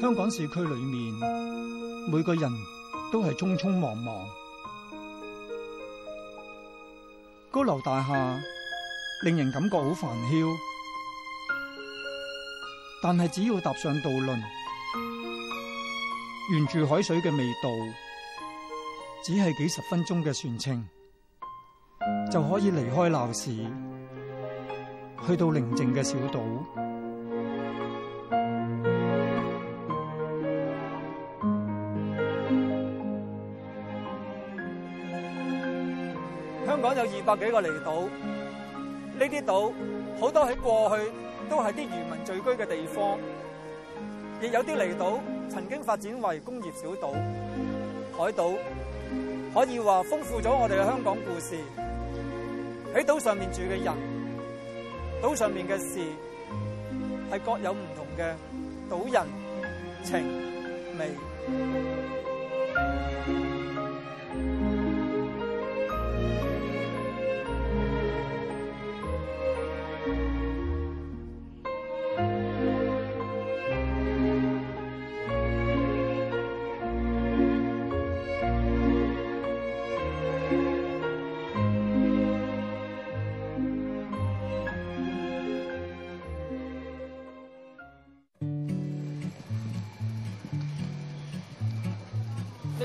香港市區裏面每個人都係匆匆忙忙，高樓大廈令人感覺好煩囂。但係只要踏上渡輪，沿住海水嘅味道，只係幾十分鐘嘅船程，就可以離開鬧市，去到寧靜嘅小島。百幾個離島，呢啲島好多喺過去都係啲漁民聚居嘅地方，亦有啲離島曾經發展為工業小島、海島，可以話豐富咗我哋嘅香港故事。喺島上面住嘅人，島上面嘅事，係各有唔同嘅島人情味。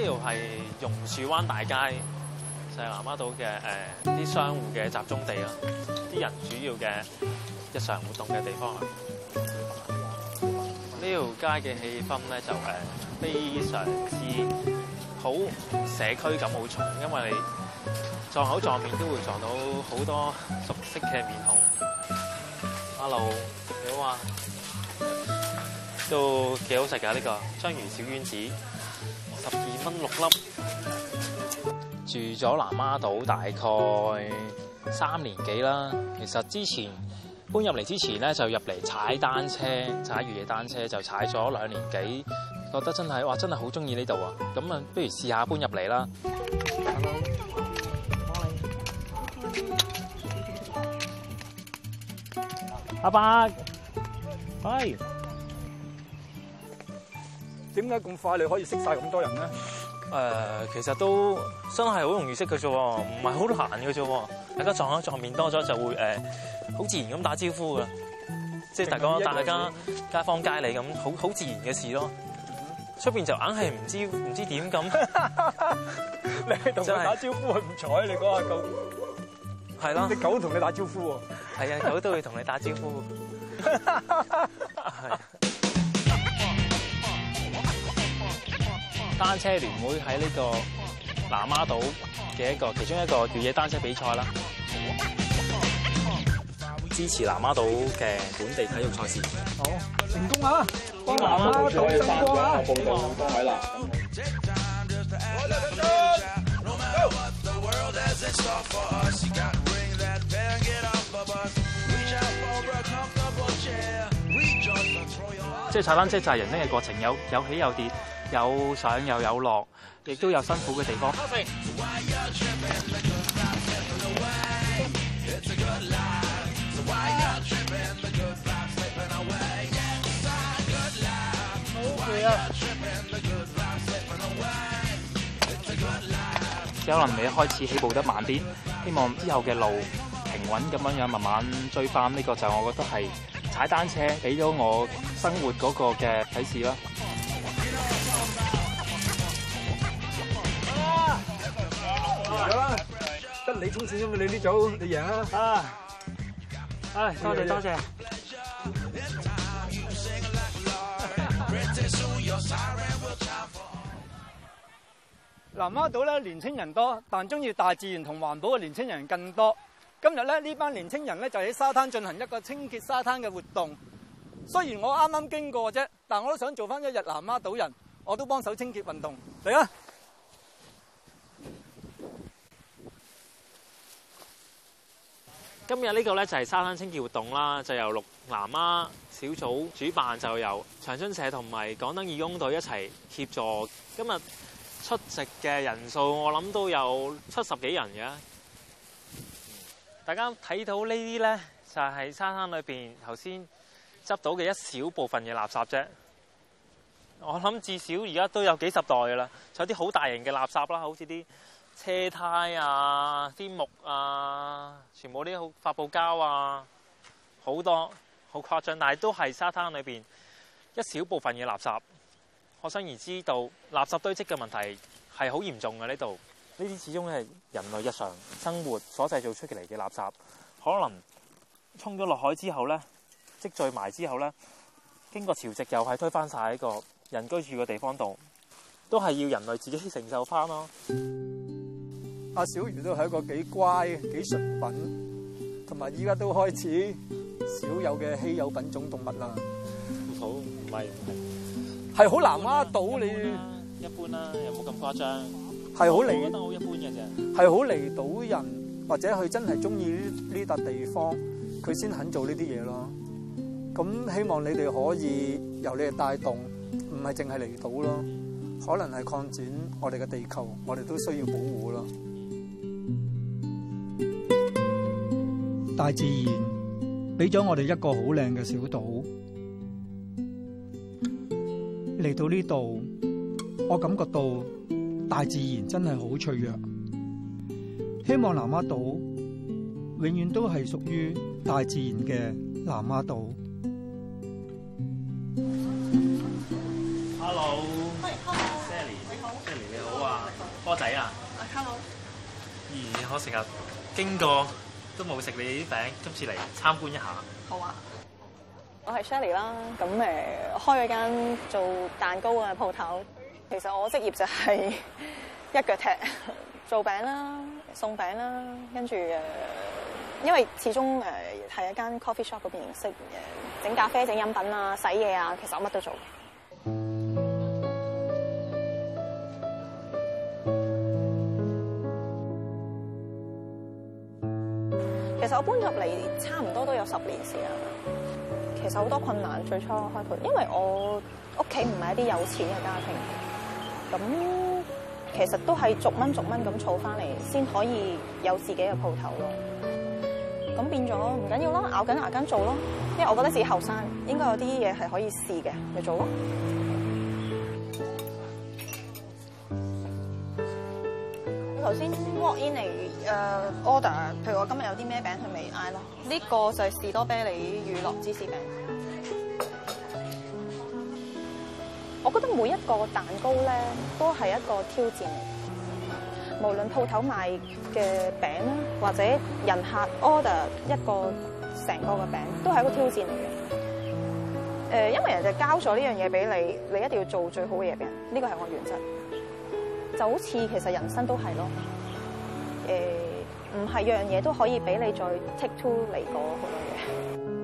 呢度係榕樹灣大街，就係、是、南丫島嘅誒啲商戶嘅集中地咯，啲人主要嘅日常活動嘅地方啊。呢條街嘅氣氛咧就誒、是、非常之好，很社區感好重，因為你撞口撞面都會撞到好多熟悉嘅面孔。Hello，你好啊，都幾好食㗎呢個章魚小丸子。分六粒，住咗南丫島大概三年幾啦。其實之前搬入嚟之前咧，就入嚟踩單車，踩越野單車，就踩咗兩年幾，覺得真係哇，真係好中意呢度啊！咁啊，不如試下搬入嚟啦。拜拜。拜拜。點解咁快你可以識晒咁多人咧？誒、呃，其實都真係好容易識佢啫，唔係好難嘅啫。大家撞一撞面多咗就會誒，好、呃、自然咁打招呼噶。即係大家大家街坊街嚟咁，好好自然嘅事咯。出邊就硬係唔知唔知點咁，你喺度，佢打招呼佢唔、就是、睬你講下狗，係啦，隻 狗同你打招呼喎，係啊，狗都會同你打招呼。係。 單車聯會喺呢個南丫島嘅一個其中一個越野單車比賽啦，支持南丫島嘅本地體育賽事。好成功啊！幫我啦，大成功啊！我即係踩單車就係人生嘅過程，有有起有跌，有上又有，有落，亦都有辛苦嘅地方。有可能你一開始起步得慢啲，希望之後嘅路。穩咁樣樣，慢慢追翻呢個就，我覺得係踩單車俾咗我生活嗰個嘅啟示啦。得啦，得你充錢，因為你呢組你贏啦，啊，哎，多謝多謝。南丫島咧，年青人多，但中意大自然同環保嘅年青人更多。今日咧呢班年青人咧就喺沙灘進行一個清潔沙灘嘅活動。雖然我啱啱經過啫，但我都想做翻一日南丫島人，我都幫手清潔運動嚟啦。今日呢個咧就係沙灘清潔活動啦，就由綠南丫小組主辦，就由長春社同埋港燈義工隊一齊協助。今日出席嘅人數我諗都有七十幾人嘅。大家睇到呢啲呢，就係沙灘裏邊頭先執到嘅一小部分嘅垃圾啫。我諗至少而家都有幾十袋噶啦，有啲好大型嘅垃圾啦，好似啲車胎啊、啲木啊，全部啲發泡膠啊，好多好誇張，但係都係沙灘裏邊一小部分嘅垃圾。可想而知，到垃圾堆積嘅問題係好嚴重嘅呢度。呢啲始終係人類日常生活所製造出嚟嘅垃圾，可能沖咗落海之後咧，積聚埋之後咧，經過潮汐又係推翻晒喺個人居住嘅地方度，都係要人類自己承受翻咯。阿小魚都係一個幾乖、幾純品，同埋依家都開始少有嘅稀有品種動物啦。唔好，唔係，係好難挖到你。一般啦、啊啊，有冇咁誇張？係好嚟，我覺得好一般嘅啫。係好離島人，或者佢真係中意呢呢笪地方，佢先肯做呢啲嘢咯。咁希望你哋可以由你哋帶動，唔係淨係離島咯，可能係擴展我哋嘅地球，我哋都需要保護咯。大自然俾咗我哋一個好靚嘅小島，嚟到呢度，我感覺到。大自然真係好脆弱，希望南丫島永遠都係屬於大自然嘅南丫島 Hello Hi, Hello.。Hello，Shelly 你好，Shelly 你好啊，Hello. 波仔啊，Hello，咦、嗯？我成日經過都冇食你哋啲餅，今次嚟參觀一下。好啊，我係 Shelly 啦，咁誒開咗間做蛋糕嘅鋪頭。其實我職業就係一腳踢，做餅啦、送餅啦，跟住、呃、因為始終誒係一間 coffee shop 嗰邊識誒整咖啡、整飲品啊、洗嘢啊，其實我乜都做。 其實我搬入嚟差唔多都有十年時間啦。其實好多困難，最初開鋪，因為我屋企唔係一啲有錢嘅家庭。咁其實都係逐蚊逐蚊咁儲翻嚟，先可以有自己嘅鋪頭咯。咁變咗唔緊要咯，咬緊牙根做咯。因為我覺得自己後生，應該有啲嘢係可以試嘅嚟做咯。你頭先 Walk In 嚟 order，譬如我今日有啲咩餅佢咪嗌咯？呢、這個就係士多啤梨乳酪芝士餅。都每一個蛋糕咧，都係一個挑戰嚟嘅。無論鋪頭賣嘅餅啦，或者人客 order 一個成個嘅餅，都係一個挑戰嚟嘅。誒、呃，因為人哋交咗呢樣嘢俾你，你一定要做最好嘅嘢俾人。呢個係我原則。就好似其實人生都係咯。誒、呃，唔係樣嘢都可以俾你再 take two 嚟過好多嘢。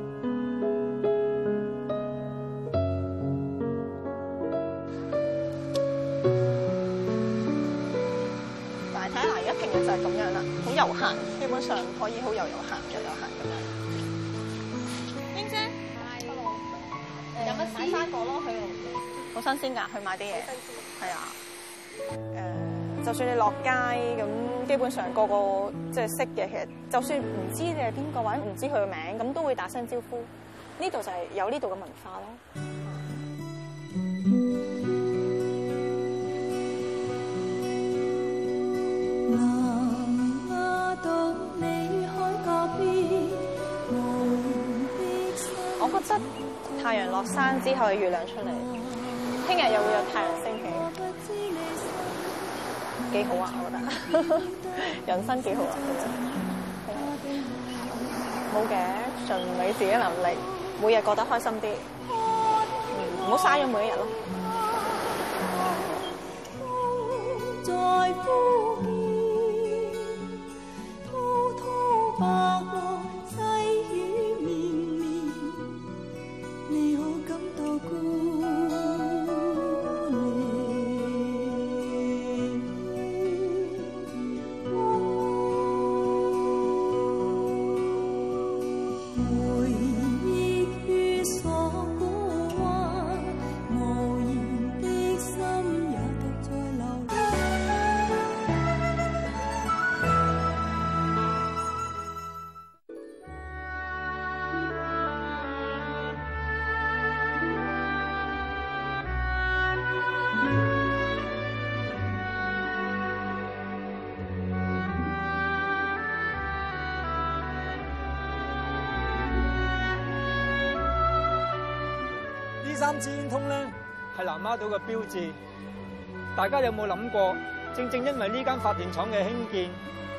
行，基本上可以好悠游行嘅，悠游行咁樣。英姐，係，有乜買生果咯？佢好新鮮噶，去買啲嘢。新鮮。係啊。誒，uh, 就算你落街咁，咁基本上、mm. 個個即係、就是、識嘅，其實就算唔知你係邊個或者唔知佢嘅名，咁都會打聲招呼。呢度就係有呢度嘅文化咯。覺得太陽落山之後，嘅月亮出嚟，聽日又會有太陽升起，幾好啊！我覺得，人生幾好啊、嗯！冇、嗯、嘅，盡你自己能力，每日過得開心啲，唔好嘥咗每一日咯、嗯。嗯支煙通呢係南丫島嘅標誌，大家有冇諗過？正正因為呢間發電廠嘅興建，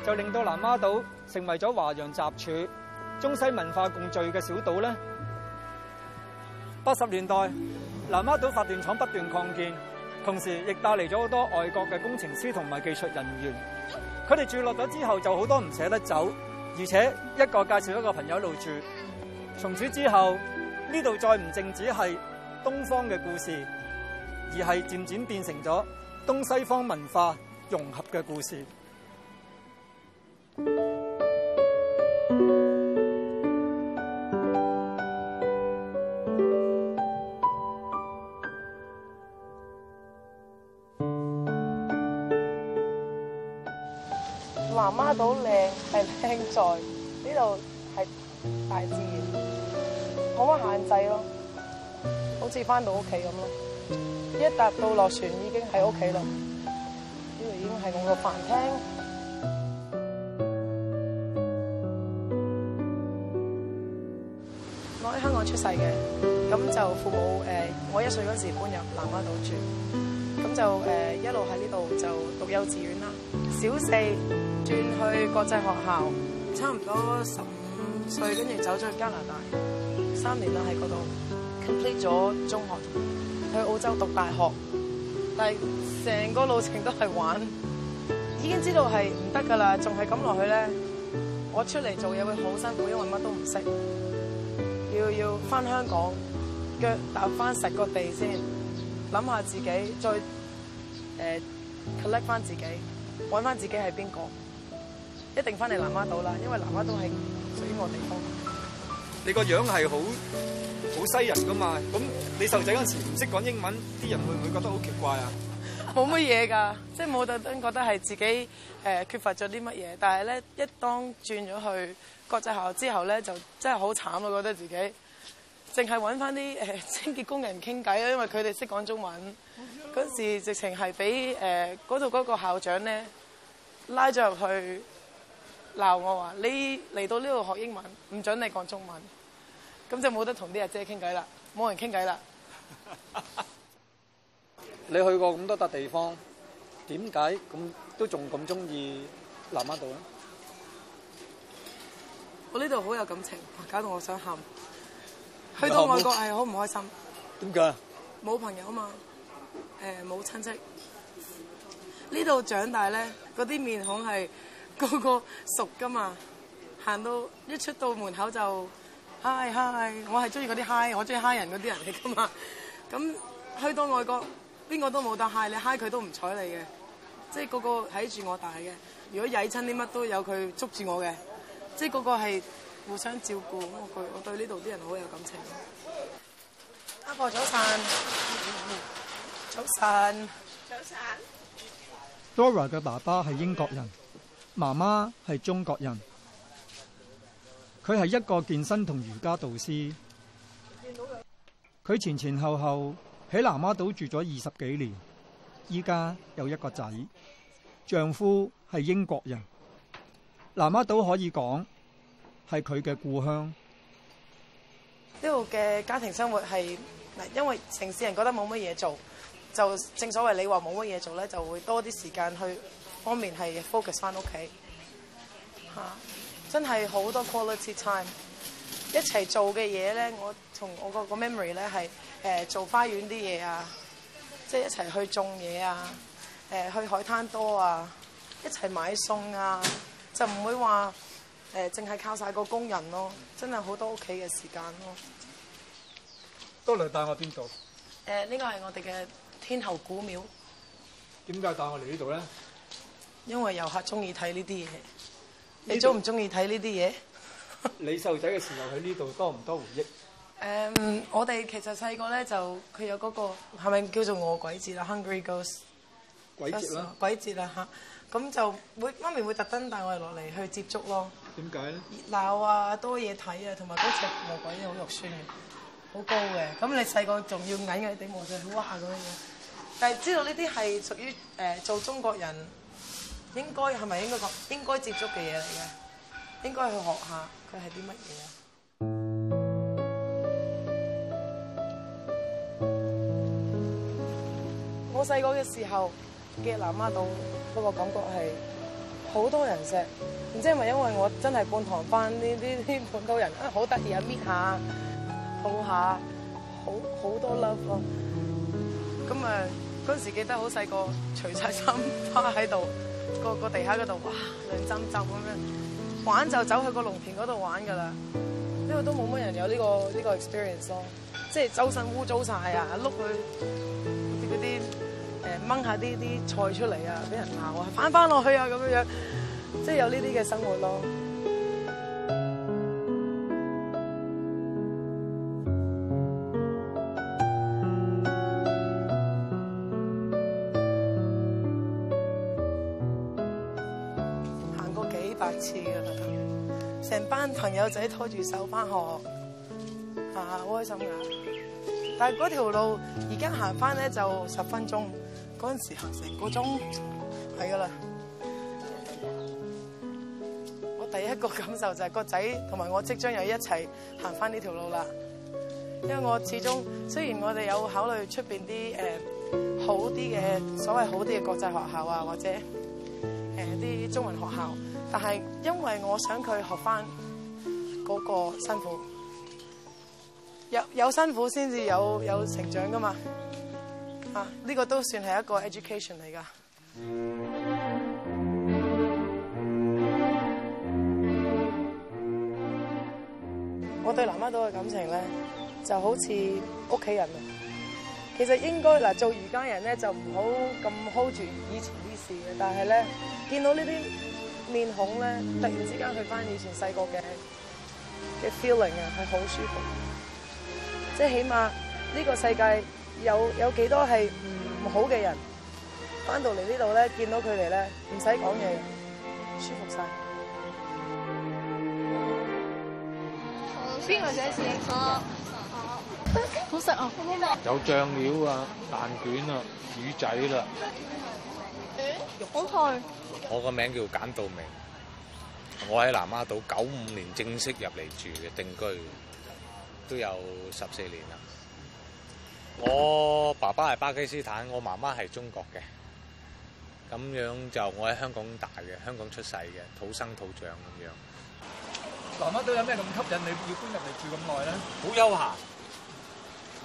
就令到南丫島成為咗華洋雜處、中西文化共聚嘅小島呢？八十年代，南丫島發電廠不斷擴建，同時亦帶嚟咗好多外國嘅工程師同埋技術人員。佢哋住落咗之後，就好多唔捨得走，而且一個介紹一個朋友喺度住。從此之後，呢度再唔淨止係。東方嘅故事，而係漸漸變成咗東西方文化融合嘅故事。南丫島靚係靚在呢度係大自然，冇乜限制咯。好似翻到屋企咁咯，一搭到落船已經喺屋企啦。呢度已經係我個飯廳。我喺香港出世嘅，咁就父母誒、呃，我一歲嗰時候搬入南丫島住，咁就誒、呃、一路喺呢度就讀幼稚園啦，小四轉去國際學校，差唔多十五歲，跟住走咗去加拿大，三年啦喺嗰度。complete 咗中學，去澳洲讀大學，但係成個路程都係玩，已經知道係唔得噶啦，仲係咁落去咧，我出嚟做嘢會好辛苦，因為乜都唔識，要要翻香港，腳踏翻實個地先，諗下自己，再誒、呃、collect 翻自己，搵翻自己係邊個，一定翻嚟南丫島啦，因為南丫島係屬於我地方。你個樣係好好西人噶嘛？咁你細路仔嗰陣時唔識講英文，啲人會唔會覺得好奇怪啊？冇乜嘢㗎，即係冇特登覺得係自己誒、呃、缺乏咗啲乜嘢。但係咧，一當轉咗去國際學校之後咧，就真係好慘咯，覺得自己淨係揾翻啲誒清潔工人傾偈咯，因為佢哋識講中文。嗰、oh yeah. 時直情係俾誒嗰度嗰個校長咧拉咗入去鬧我話：你嚟到呢度學英文，唔准你講中文。咁就冇得同啲阿姐傾偈啦，冇人傾偈啦。 你去過咁多笪地方，點解咁都仲咁中意南丫島咧？我呢度好有感情，搞到我想喊。去到外國係好唔開心。點解？冇朋友啊嘛，誒、呃、冇親戚。呢度長大咧，嗰啲面孔係個個熟噶嘛。行到一出到門口就～嗨嗨，我係中意嗰啲嗨。我中意嗨人嗰啲人嚟噶嘛？咁去到外國，邊個都冇得嗨。你嗨佢都唔睬你嘅。即係個個睇住我大嘅，如果曳親啲乜都有佢捉住我嘅。即係個個係互相照顧咁，我對我對呢度啲人好有感情。阿婆早晨，早晨，早晨。Dora 嘅爸爸係英國人，嗯、媽媽係中國人。佢係一個健身同瑜伽導師，佢前前後後喺南丫島住咗二十幾年，而家有一個仔，丈夫係英國人。南丫島可以講係佢嘅故鄉。呢度嘅家庭生活係，因為城市人覺得冇乜嘢做，就正所謂你話冇乜嘢做咧，就會多啲時間去，方面係 focus 翻屋企，吓。真係好多 quality time，一齊做嘅嘢咧，我同我個個 memory 咧係誒做花園啲嘢啊，即係一齊去種嘢啊，誒、呃、去海灘多啊，一齊買餸啊，就唔會話誒淨係靠晒個工人咯，真係好多屋企嘅時間咯。都嚟帶我邊度？誒、呃、呢、呢個係我哋嘅天后古廟。點解帶我嚟呢度咧？因為遊客中意睇呢啲嘢。你中唔中意睇呢啲嘢？ 你細路仔嘅時候喺呢度多唔多回憶？誒、um,，我哋其實細個咧就佢有嗰個係咪叫做餓鬼節啦，Hungry Ghost 鬼節啦，鬼節啦嚇，咁、啊、就會媽咪會特登帶我哋落嚟去接觸咯。點解咧？熱鬧啊，多嘢睇啊，同埋嗰隻魔鬼好肉酸嘅，好高嘅。咁你細個仲要矮矮地望住、就是、哇咁樣嘅，但係知道呢啲係屬於誒、呃、做中國人。應該係咪應該講，應該接觸嘅嘢嚟嘅，應該去學下佢係啲乜嘢？我細個嘅時候嘅南丫島嗰個感覺係好多人食，唔知係咪因為我真係半唐番呢啲呢，半島人啊，好得意啊，搣下抱下，好好多 love 咯。咁啊嗰時記得好細個，除晒衫趴喺度。 個個地下嗰度，哇，涼浸浸咁樣，玩就走去個農田嗰度玩噶啦，因為都冇乜人有呢、呢個呢、呢個 experience 咯，即係周身污糟晒啊，碌、嗯、佢，啲啲誒掹下啲啲菜出嚟啊，俾人鬧啊，翻翻落去啊，咁樣樣，即係有呢啲嘅生活咯。朋友仔拖住手翻學啊，好開心噶但係嗰條路而家行翻咧就十分鐘，嗰陣時行成個鐘係噶啦。我第一個感受就係個仔同埋我即將又一齊行翻呢條路啦。因為我始終雖然我哋有考慮出邊啲誒好啲嘅所謂好啲嘅國際學校啊，或者誒啲、呃、中文學校，但係因為我想佢學翻。嗰個辛苦有，有有辛苦先至有有成長㗎嘛？啊，呢個都算係一個 education 嚟㗎。我對南丫島嘅感情咧，就好似屋企人。其實應該嗱，做瑜伽人咧就唔好咁 hold 住以前啲事嘅，但係咧見到呢啲面孔咧，突然之間去返以前細個嘅。嘅 feeling 啊，係好舒服。即係起碼呢個世界有有幾多係唔好嘅人，翻到嚟呢度咧，見到佢哋咧，唔使講嘢，舒服晒。邊個寫字？好食啊！有醬料啊，蛋卷啊，魚仔啦，好、嗯、香。我個名叫簡道明。我喺南丫島九五年正式入嚟住嘅定居，都有十四年啦。我爸爸係巴基斯坦，我媽媽係中國嘅。咁樣就我喺香港大嘅，香港出世嘅，土生土長咁樣。南丫島有咩咁吸引你要搬入嚟住咁耐咧？好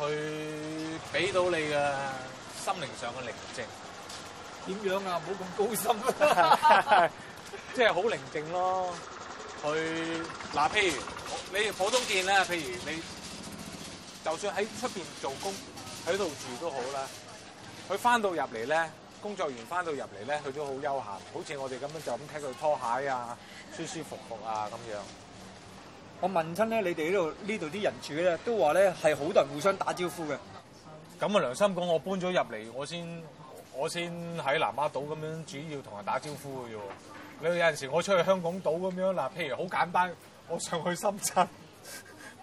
悠閒，佢俾到你嘅心靈上嘅寧靜。點樣啊？唔好咁高深啦。即係好寧靜咯。佢嗱，譬如你普通見啦，譬如你就算喺出面做工，喺度住都好啦。佢翻到入嚟咧，工作員翻到入嚟咧，佢都好休閒。好似我哋咁樣就咁踢佢拖鞋啊，舒舒服服啊咁樣。我問親咧，你哋呢度呢度啲人住咧，都話咧係好多人互相打招呼嘅。咁啊，良心講，我搬咗入嚟，我先我先喺南丫島咁樣主要同人打招呼嘅啫。有陣時我出去香港島咁樣嗱，譬如好簡單，我上去深圳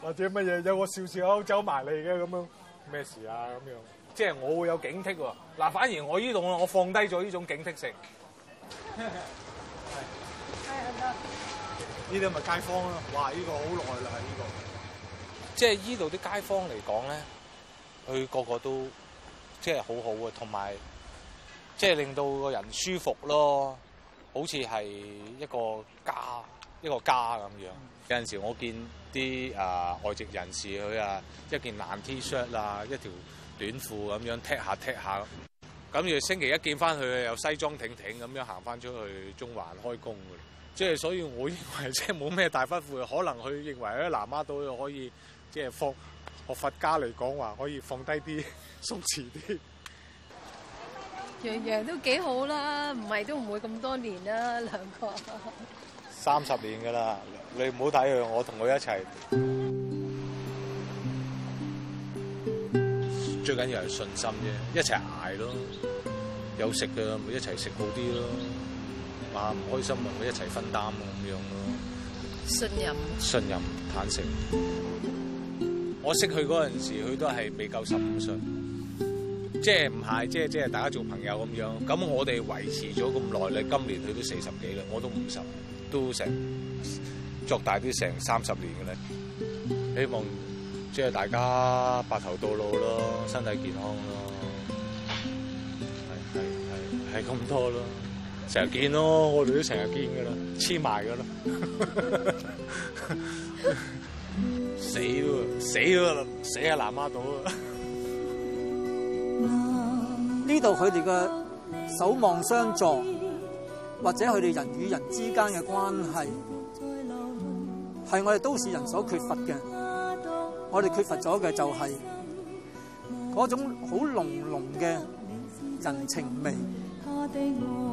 或者乜嘢，有我笑笑走埋嚟嘅咁樣咩事啊咁樣。即係我會有警惕喎。嗱，反而我呢度我放低咗呢種警惕性。呢係咪街坊咯？哇！呢、呢個好耐啦，呢、呢個。即係依度啲街坊嚟講咧，佢個個都即係好好嘅，同埋即係令到個人舒服咯。好似係一個家，一個家咁樣。有陣時候我見啲、呃、外籍人士佢啊一件爛 T-shirt 啊一條短褲咁樣踢下踢下，咁要星期一見返佢又西裝挺挺咁樣行返出去中環開工嘅。即、就、係、是、所以，我認為即係冇咩大分別。可能佢認為喺南丫島可以即係、就是、放學佛家嚟講話可以放低啲，鬆弛啲。樣樣都幾好啦，唔係都唔會咁多年啦，兩個三十年噶啦，你唔好睇佢，我同佢一齊，最緊要係信心啫，一齊捱咯，有食嘅咪一齊食好啲咯，啊唔開心咪一齊分擔咁樣咯，信任，信任，坦誠，我識佢嗰陣時，佢都係未夠十五歲。即係唔係？即係即係大家做朋友咁樣。咁我哋維持咗咁耐咧，今年佢都四十幾啦，我都五十，都成，作大都成三十年嘅咧。希望即係大家白頭到老咯，身體健康咯，係係係係咁多咯。成日見咯，我哋都成日見嘅啦，黐埋嘅啦。死喎！死喎！死喺南丫島啊！呢度佢哋嘅守望相助，或者佢哋人與人之間嘅關係，係我哋都市人所缺乏嘅。我哋缺乏咗嘅就係嗰種好濃濃嘅人情味。